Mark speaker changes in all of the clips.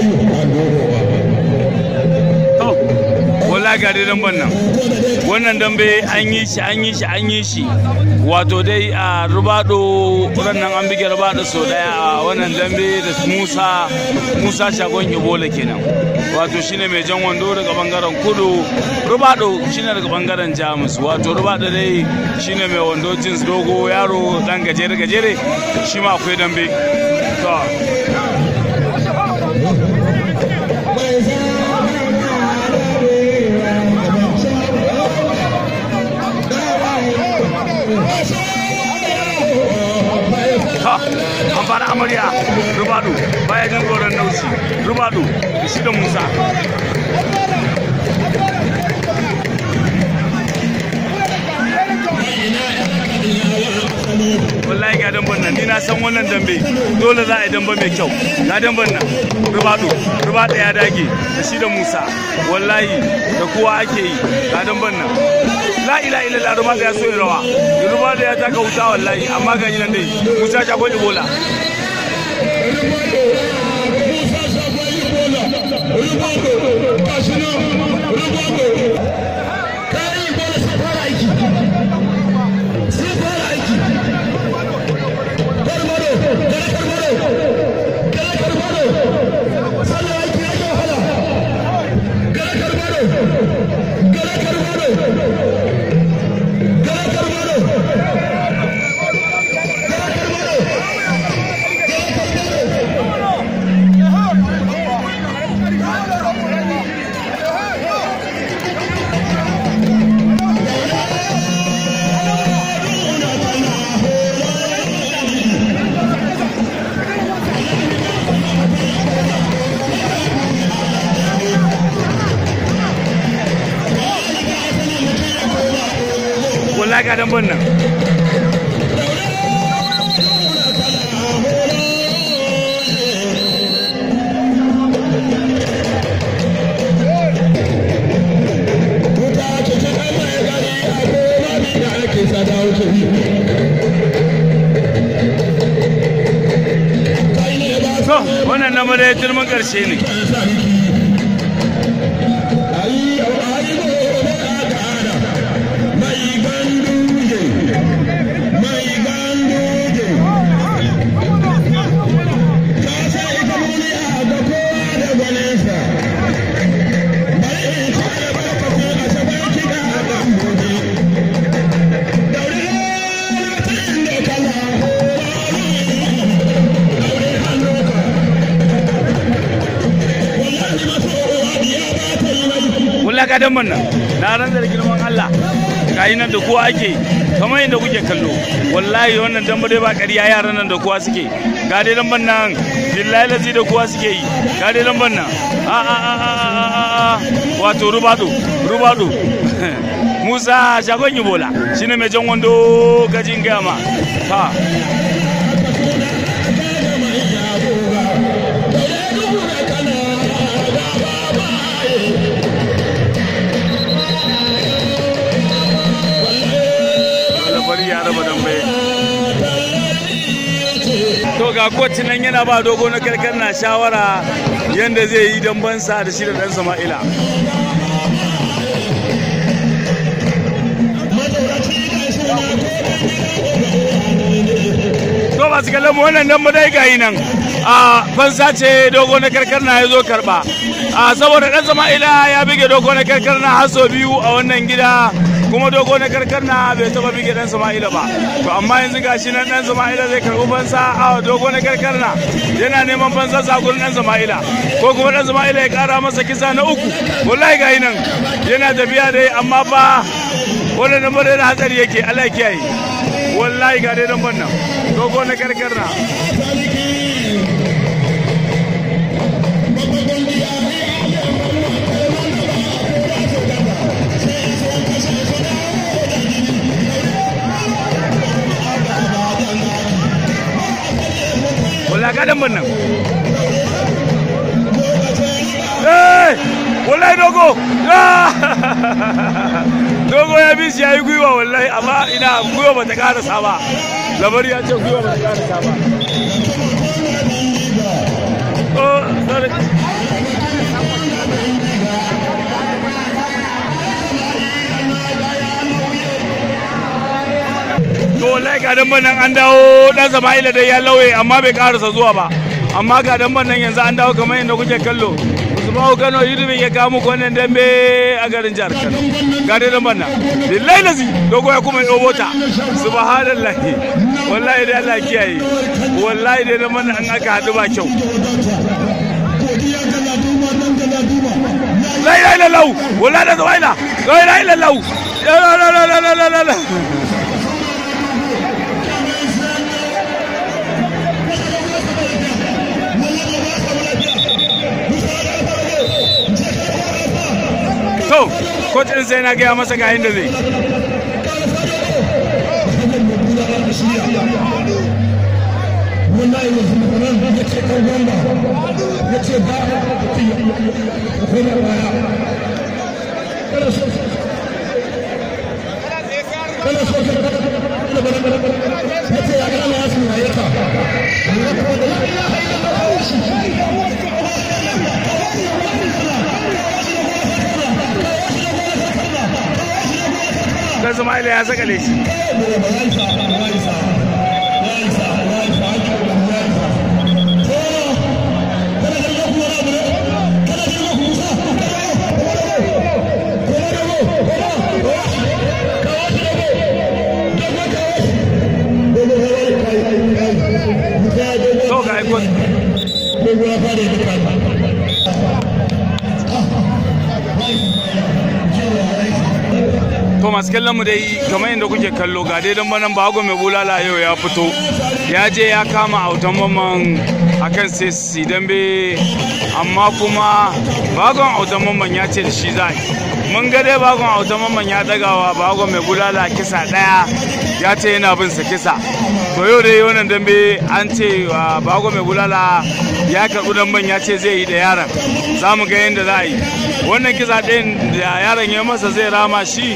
Speaker 1: to
Speaker 2: wallahi ga dai damban nan wannan dambe an yi shi an yi shi an yi shi wato dai a rubado wannan an bige rubado sau daya a wannan dambe da musa musa shagon ibola kenan wato shine mai jan wando daga bangaren kudu rubado shine daga bangaren jamus wato rubado dai shine mai wando jeans dogo yaro dan gajere gajere shi ma akwai dambe to amfani amarya rubadu bayan goron naushi rubadu shi da musa san wannan dambe dole za a yi damba mai kyau ga damban nan rubado rubado ya dage da shi da musa wallahi da kowa ake yi ga damban nan la ila ila la rubada ya so ya rawa rubada ya taka wuta wallahi amma ga nan dai musa ja ko bola.
Speaker 1: Gare Carvalho!
Speaker 2: ga dambon nan wannan na madayacin mun ƙarshe ne na rantsar girman Allah kayi nan da kowa ake kamar yadda kuke kallo wallahi wannan damba dai ba ƙarya yaran nan da kowa suke ga dai lamban nan billahi lazi da kowa suke yi ga dai lamban nan a a a a wato rubado rubado musa shagon yi bola shine mai jan wando gajin gama ha ga koci nan yana ba dogo na karkar na shawara yadda zai yi don bansa da shi da dan sama'ila to ba su kallon wannan dan madai yi nan a fansa ce dogo na karkar na ya zo karba a saboda ɗan sama'ila ya bige dogo na karkar na haso biyu a wannan gida kuma dogo na karkar na bai taba bige dan sama'ila ba to amma yanzu gashi nan dan sama'ila zai karbi fansa a dogo na karkar na yana neman fansa sa gurin dan sama'ila ko kuma dan sama'ila ya kara masa kisa na uku wallahi gayi nan yana tafiya dai amma ba wannan nan da hatsari yake Allah ya kiyaye wallahi ga dai dan wannan dogo na karkar na kai dogo ah. dogo ya bi shi ya yi gwiwa wallahi amma ina gwiwa ba ta karasa ba labari ya ce gwiwa ba ta karasa ba oh to wallahi ga dan nan an dawo dan Sama'ila dai ya lauye amma bai karasa zuwa ba amma ga dan nan yanzu an dawo kamar yadda kuke kallo usman kano yudubin ya kawo muku wannan dambe a garin jihar kano gare da banna lillahi lazi dogo ya kuma ɗobo ta subhanallahi wallahi dai allah kiyaye wallahi dai da banna an aka hadu ba kyau la ilaha illallah wallahi da zawaila la ilaha illallah la la la to kotun sai na gaya masa ga inda zai wallahi Ismaila ya sakale shi. To ga to masu kallon mu dai kamar yadda kuke kallo ga dai dan banan bago mai bulala yau ya fito ya je ya kama autan mamman akan sesi be amma kuma bagon autan mamman ya ce da shi za mun ga dai bagon autan mamman ya dagawa bagon mai bulala kisa daya ya ce yana bin sa kisa to yau dai wannan be an ce wa bago mai bulala ya karɓi ban ya ce zai yi da yaron za mu ga yadda za a yi wannan kisa ɗin da yaron ya masa zai rama shi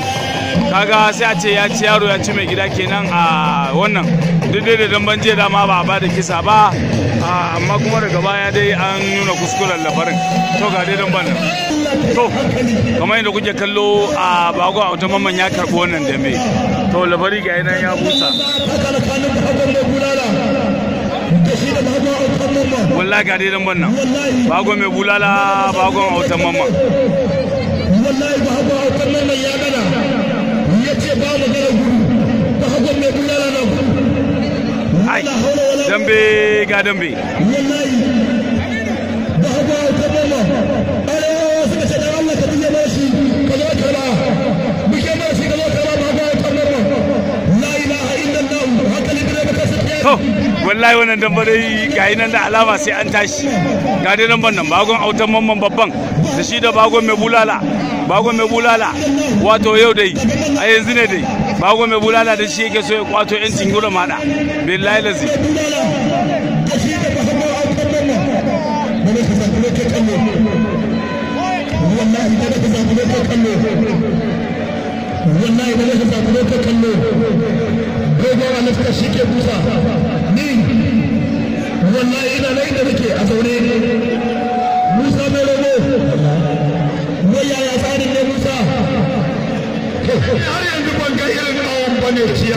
Speaker 2: kaga sai a ce ya ci yaro ya ci mai gida kenan a wannan daidai da damban jiya dama ba ba da kisa ba amma kuma daga baya dai an nuna kuskuren labarin to ga dai damban nan to kamar yadda kuke kallo a bago a wata mamman ya karɓi wannan mai to labari ga yana ya busa wallahi ga dai damban nan bago mai bulala bagon autan mamman ai dambe ga dambe wallahi wannan dambarai ga nan da alama sai an tashi ga dai nan nan bagon autan mamman babban da shi da bagon mai bulala bagon mai bulala wato yau dai a yanzu ne dai bago mai bulala da shi yake so ya kwato yancin gura mada
Speaker 1: billahi da kallo irin awon bane ciya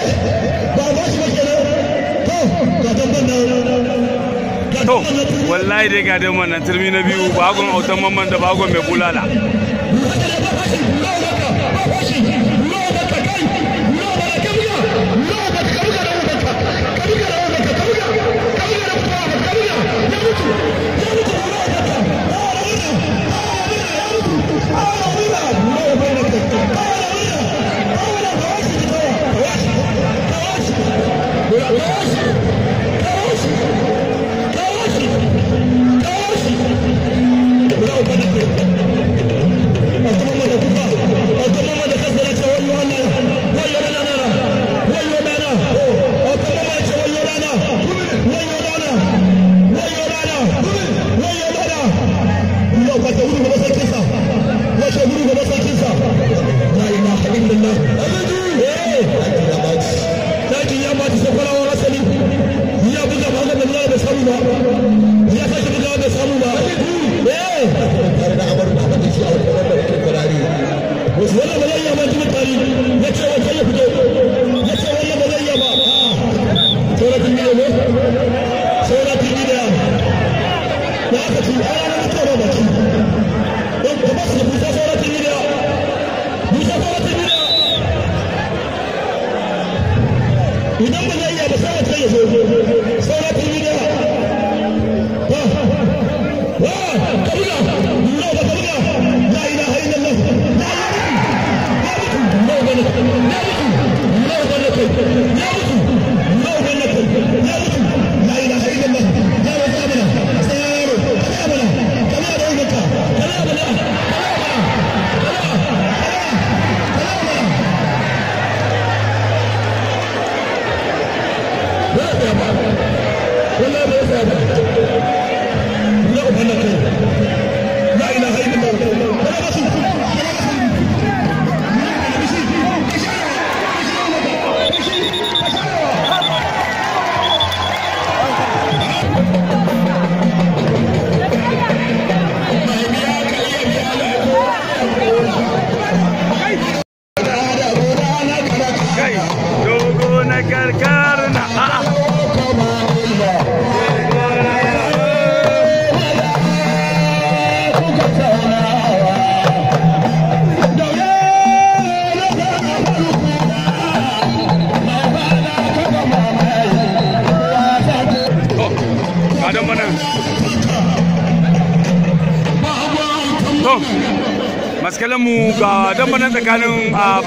Speaker 1: to
Speaker 2: wallahi dai ga dai wannan turmi na biyu gon autan mamman da bagon mai bulala
Speaker 1: Thank you.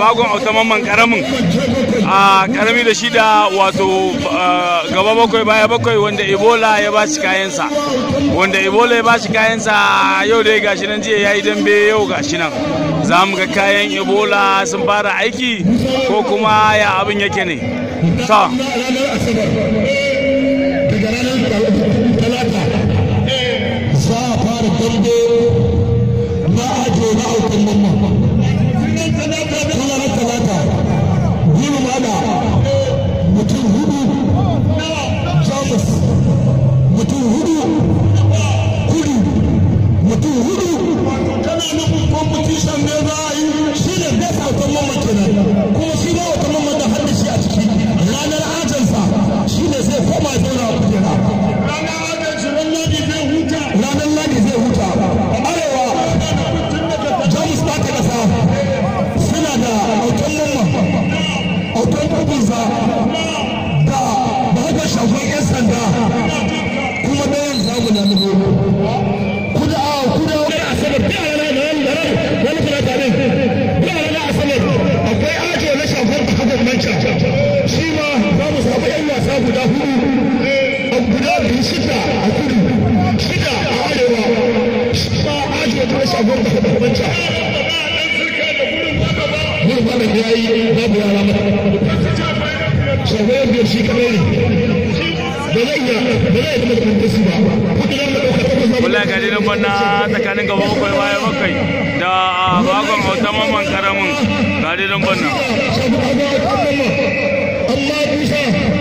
Speaker 2: bagon man karamin a karami da shi da wato gaba bakwai baya bakwai wanda ebola ya ba shi kayansa wanda ebola ya ba shi kayansa yau dai gashi nan jiya ya yi dambe yau gashi nan za mu ga kayan ebola sun fara aiki ko kuma ya abin yake ne ta
Speaker 1: eh, za a fara dambe Krishna Meva shida a kudu shida a arewa shida a ajiye kuma shagon da ta banta gurin ba da ya yi babu yara mata shagon ya biyar shi kamar ne ba zai iya ba zai iya da kwantasi ba kudu zan ta ɗaukar takwas na kula ga dinin banna tsakanin gaba bakwai baya bakwai da ah, bakon bauta mamman karamin
Speaker 2: ga dinin banna
Speaker 1: amma kusa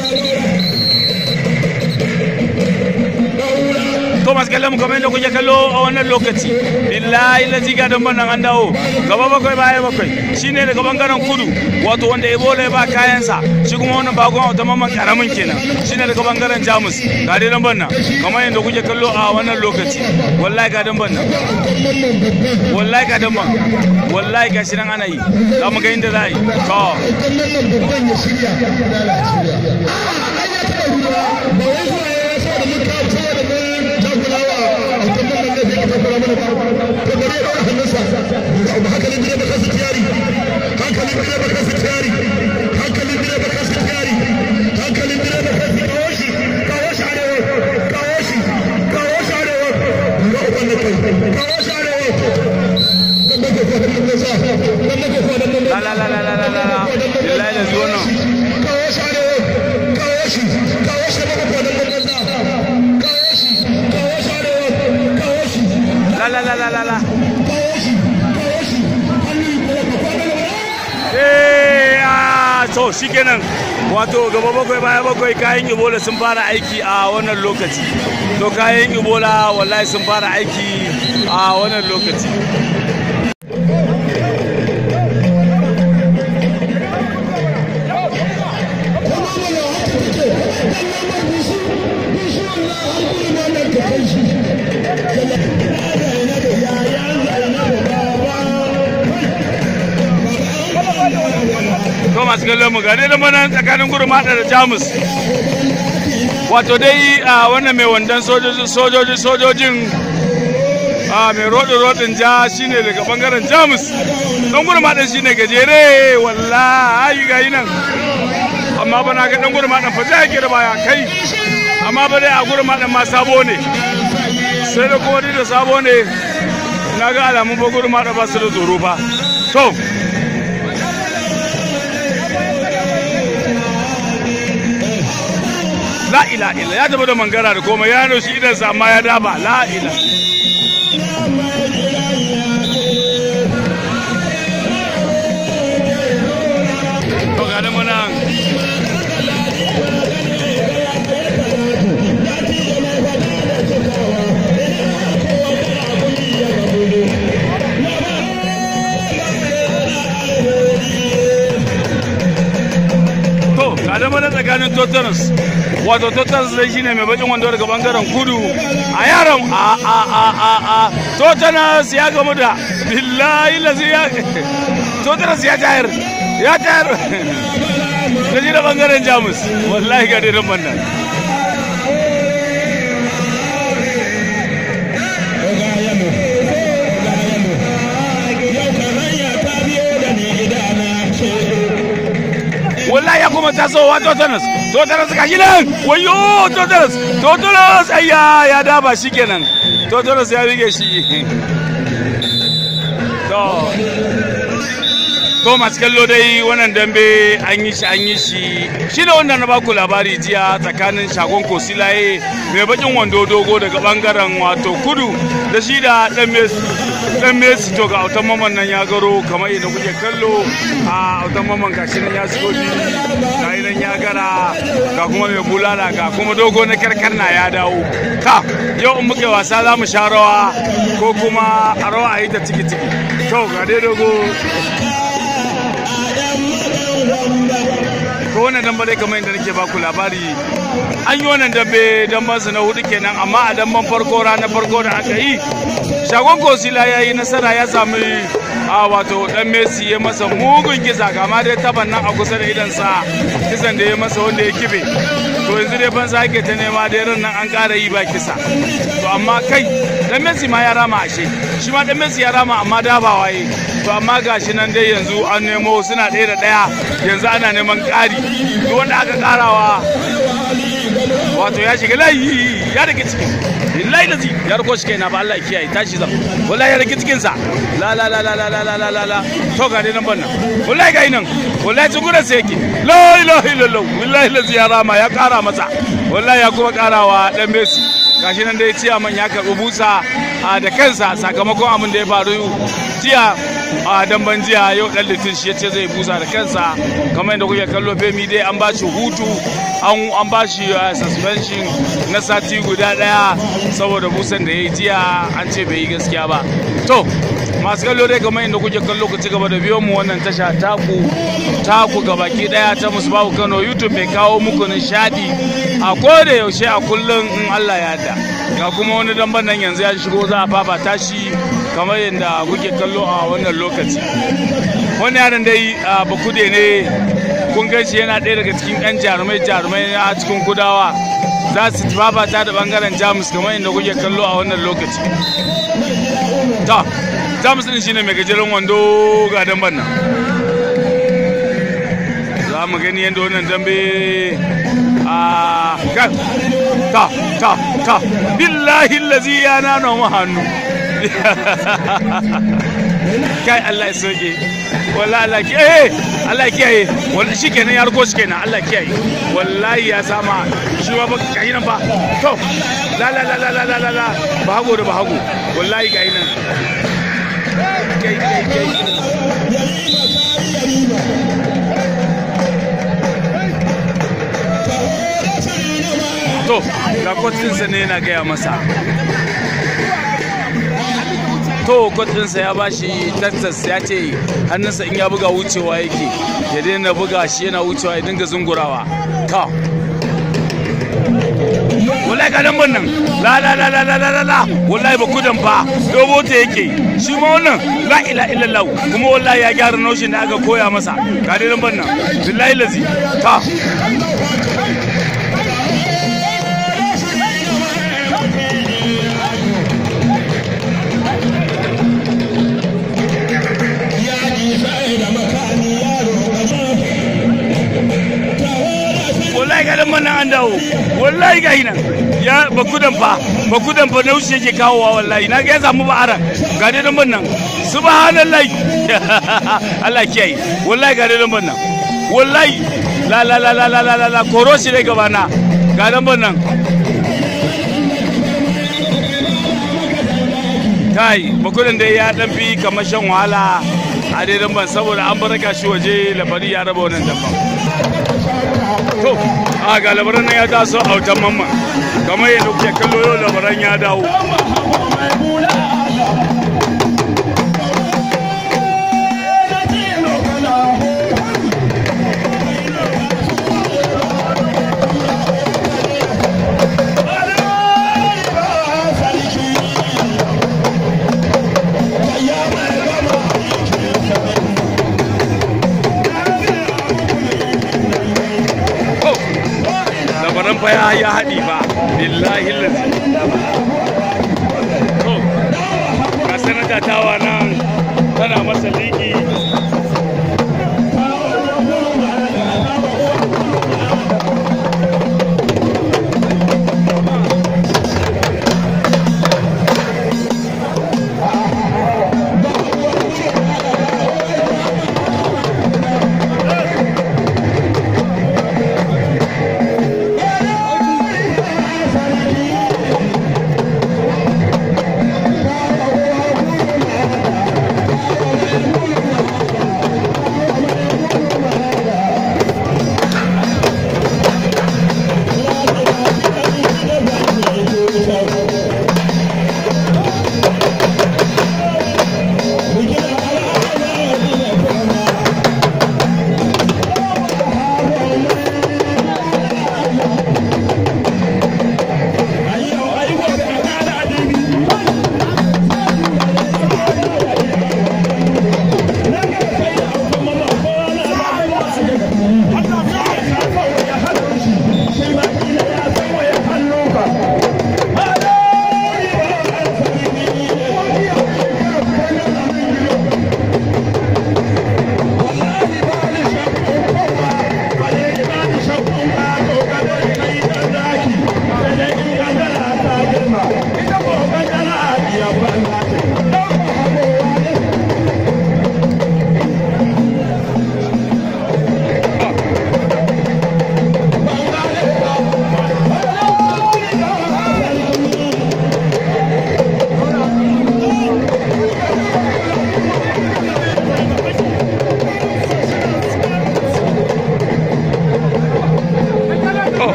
Speaker 2: to masu kallon kamar yadda kuke kallo a wannan lokaci billahi la jiga don bannan an dawo gaba bakwai baya bakwai shine daga bangaren kudu wato wanda ebola ya ba kayansa shi kuma wannan bakon wata mamman karamin kenan shine daga bangaren jamus ga dai don bannan kamar yadda kuke kallo a wannan lokaci wallahi ga don bannan wallahi ga don bannan wallahi ga shi nan ana yi za mu ga inda za a yi to
Speaker 1: Thank you. لا لا لا لا لا
Speaker 2: لا لا لا لا لا to shikenan wato gaba bakwai baya bakwai kayan ibola sun fara aiki a wannan lokaci to kayan ibola wallahi sun fara aiki a wannan lokaci ko masu kallon mu gane da nan tsakanin gurum hada da jamus wato dai a wannan mai wandan sojoji sojoji sojojin a mai rodin rodin ja shine daga bangaren jamus dan gurum hada shine gajere wallahi ga nan amma bana ga dan gurum hada fa zai da baya kai amma ba dai a gurum hada ma sabo ne sai da kodi da sabo ne na ga alamun ba gurum hada ba su da tsoro ba to ila ila ya tabbata mangara da komai ya doshi idan sa ya daba la ila to ga da muna tsakanin Tottenham wato total zai ne mai bakin wanda daga bangaren kudu a yaron a a a a a totanas ya gamu da billahi lazi ya totanas ya jayar ya da gaji da bangaren jamus wallahi ga dai nan tasowa totonas totonas ga nan wayo totonas totonas ayya ya daba shi kenan totonas ya rige shi to to masu kallo dai wannan dambe an yi shi an yi shi shi ne wannan na baku labari jiya tsakanin shagon kosilaye mai bakin wando dogo daga bangaren wato kudu da shi da dan mesu dan Messi to ga autan maman nan ya garo kamar yadda kuke kallo a autan maman gashi nan ya shigo bi gashi nan ya gara ga kuma mai bulala ga kuma dogo na karkar na ya dawo ka yau in muke wasa za mu sha rawa ko kuma a rawa a yi ta ciki ciki to ga dai dogo wannan dambe dai kamar yadda nake baku labari an yi wannan dambe damben su na hudu kenan amma a damben farko ranar farko da aka yi shagon kosila ya yi nasara ya sami a wato dan messi ya masa mugun kisa kama dai taban nan a kusa da idansa kisan da ya masa wanda ya kibe to yanzu dai ban sake ta nema da ran nan an ƙara yi ba kisa to amma kai dan messi ma ya rama ashe shi ma dan messi ya rama amma da ba waye. to amma gashi nan dai yanzu an nemo suna ɗaya da ɗaya yanzu ana neman kari duk wanda aka karawa wato ya shiga layi ya rike ciki billahi lazi ya riko shi kaina ba Allah ya kiyaye tashi zam wallahi ya rike cikin sa la la la la la la la la la to ga dai nan bannan wallahi ga nan wallahi gura sai yake la ilaha illallah wallahi lazi ya rama ya kara masa wallahi ya kuma karawa dan Messi gashi nan dai ciyaman ya karbi busa da kansa sakamakon abin da ya faru jiya a damban jiya yau dan litin shi yace zai busa da kansa kamar yadda kuke kallo femi dai an bashi hutu an an bashi uh, suspension na sati guda daya saboda busan da yayi jiya an ce bai yi gaskiya ba to masu kallo dai kamar yadda kuke kallo ku ci gaba da biyo mu wannan tasha taku taku gabaki daya ta musu babu Kano YouTube bai kawo muku nishadi a koda yaushe a kullun in Allah ya da ga kuma wani damban nan yanzu ya shigo za a fafata shi kamar yadda kuke kallo a wannan lokaci wani yaron dai a bakude ne kun shi yana ɗaya daga cikin 'yan jarumai jarumai na cikin kudawa za su fafata da bangaren jamus kamar yadda kuke kallo a wannan lokaci ta jamus din shine mai gajeren wando ga damban nan za mu gani yadda wannan dambe a kan ta ta ta billahi lazi ya nana hannu kai Allah ya soke wallahi Allah ki eh Allah ki kiyaye wallahi shikenan ya riko shikenan Allah ki kiyaye wallahi ya sama shi ba kai nan ba to la la la la la la la ba hago da ba hago wallahi kai nan kai kai kai to ga kwatinsa ne yana gaya masa to kwatinsa ya ba shi tattas ya ce hannunsa in ya buga wucewa yake ya daina buga shi yana wucewa ya dinga zungurawa ta wallahi ga lambar nan la la la la la la la wallahi ba kudan fa dobo ta yake shi ma wannan la ila illallah kuma wallahi ya gyara noshin da aka koya masa ga lambar nan billahi lazi ta nan an dawo wallahi ga nan ya ba bakudan fa bakudan fa wuce yake kawo wa wallahi na ga ya samu ba ba'ara ga dai nan nan subhanallahi Allah ke yi wallahi ga dai nan nan wallahi la la la la la la la koro shi dai gaba na ga nan nan kai bakudan dai ya dan fi kamar shan wahala a dai nan saboda an baraka shi waje labari ya raba wannan dabban to a ga labaran ya taso autan mamman kamar yadda kuke kallo labaran ya dawo fa ya yi haɗi ba billahi lazi to ga sanata tawa nan tana masa liki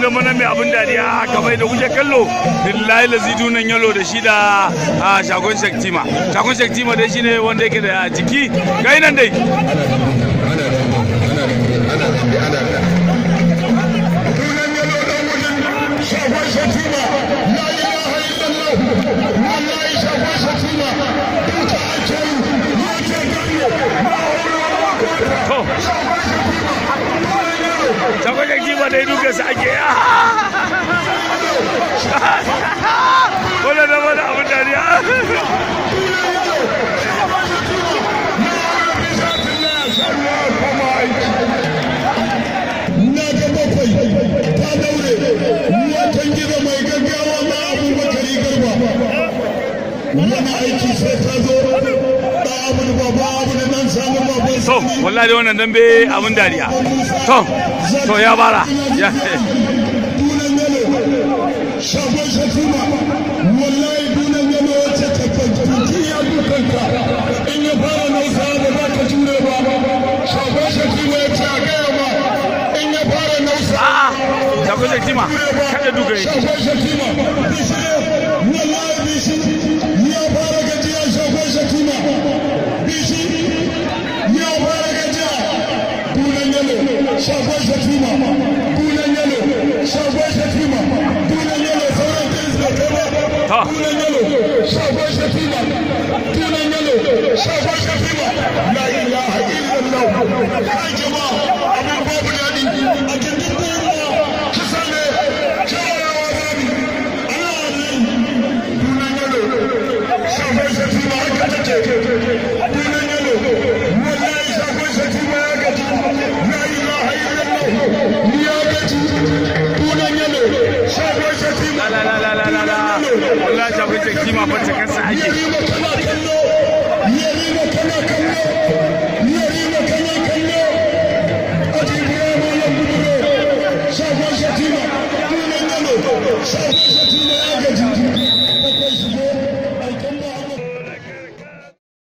Speaker 2: da mana abin dariya kamar da kuke kallo lillahi yalo da shi da ah, shagon shaktima shagon shaktima dai shine wanda yake da jiki kai nan dai kashe su ake wanda da wani abin
Speaker 1: mai gaggawa na abubakari garba
Speaker 2: wani sai ta zo da wallahi wannan dambe abun dariya to to ya bara ya ba za ka a
Speaker 1: shatima bulan
Speaker 2: baban cikinsa ake